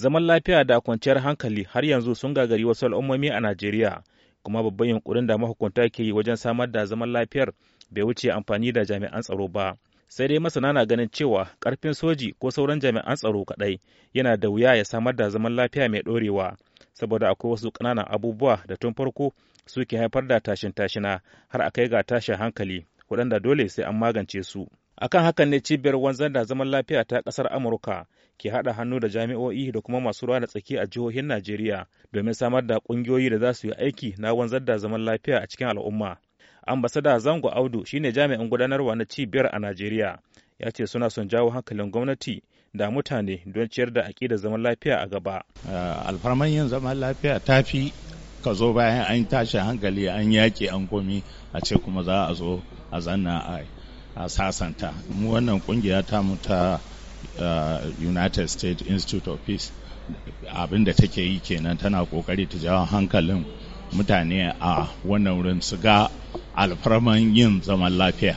zaman lafiya da kwanciyar hankali har yanzu sun gagari wasu al'ummomi a Najeriya kuma babban yunkurin da mahukunta ke yi wajen samar da zaman lafiyar bai wuce amfani da jami'an tsaro ba sai dai masana na ganin cewa karfin soji ko sauran jami'an tsaro kaɗai yana da wuya ya samar da zaman lafiya mai ɗorewa saboda akwai wasu ƙananan abubuwa da tun farko suke haifar da tashin tashina har a kai ga tashin hankali waɗanda dole sai an magance su akan hakan ne cibiyar wanzar da zaman lafiya ta kasar amurka ke haɗa hannu da jami'o'i da kuma masu ruwa da tsaki a jihohin najeriya domin samar da ƙungiyoyi da za su yi aiki na wanzar da zaman lafiya a cikin al'umma ambasada zango audu shine jami'in gudanarwa na cibiyar a najeriya ya ce suna son jawo hankalin gwamnati da mutane don ciyar da aƙidar zaman lafiya a gaba eh, alfarman yin zaman lafiya ta fi ka zo bayan an tashi hankali an yaƙi an komi a ce kuma za a zo a zanna a a sasanta mu wannan kungiya ta mu ta united states institute of peace abinda da take yi kenan tana kokari ta jawo hankalin mutane a wannan wurin su ga alfarman yin zaman lafiya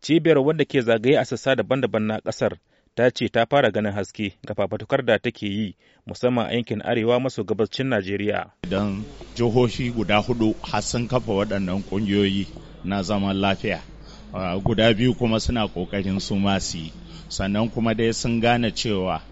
cibiyar wanda ke zagaye a sassa daban-daban na kasar ta ce ta fara ganin haske ga fafatukar da take yi musamman a yankin arewa maso gabashin najeriya idan jihohi guda hudu har sun kafa waɗannan ƙungiyoyi na zaman lafiya Ah, guda biyu kuma suna kokarin su masu sannan kuma dai sun gane cewa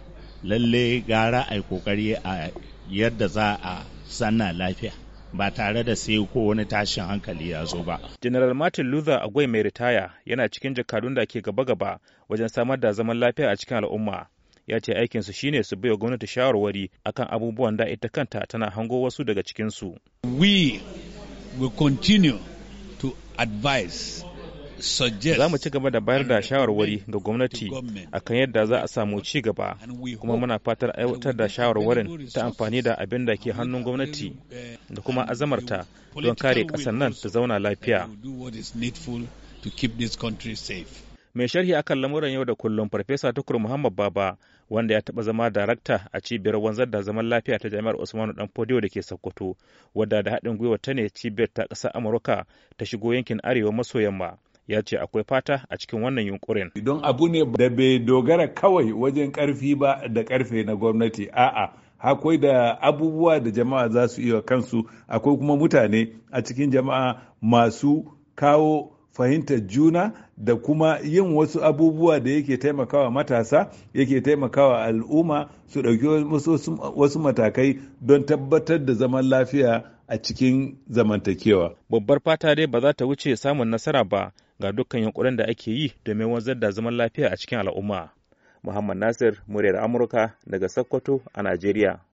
lalle gara a kokari a yadda za a zanna lafiya ba tare da sai ko wani tashin hankali ya zo ba. General Martin Luther Agwai mai ritaya yana cikin jakadun da ke gaba-gaba wajen samar da zaman lafiya a cikin al'umma. ya ce aikinsu shine su baiwa gwamnati shawarwari akan abubuwan da ita kanta tana hango wasu daga cikinsu. We will continue to advise Za mu ci gaba da bayar da shawarwari ga gwamnati akan yadda za a samu ci gaba kuma muna fatar aiwatar da shawarwarin ta amfani da abin da ke hannun gwamnati eh, da kuma azamarta don kare ƙasar nan ta zauna lafiya. Mai sharhi akan lamuran yau da kullum Farfesa Tukur Muhammad Baba wanda ya taba zama darakta a cibiyar wanzar da zaman lafiya ta jami'ar Usmanu Dan Fodiyo da ke Sokoto, wadda da haɗin gwiwa ta ne cibiyar ta ƙasar Amurka ta shigo yankin arewa maso yamma. ya ce akwai fata a cikin wannan yunkurin. Don abu ne da bai dogara kawai wajen karfi ba da karfe na gwamnati a'a akwai da abubuwa da jama'a za su iya kansu akwai kuma mutane a cikin jama'a masu kawo fahimtar juna da kuma yin wasu abubuwa da yake taimakawa matasa yake taimakawa al'umma su ɗauki wasu matakai don tabbatar da zaman lafiya a cikin zamantakewa. Babbar fata dai ba za ta wuce samun nasara ba ga dukkan yankunan da ake yi domin wanzar da zaman lafiya a cikin al'umma. Muhammad Nasir, muryar Amurka daga Sokoto a Najeriya.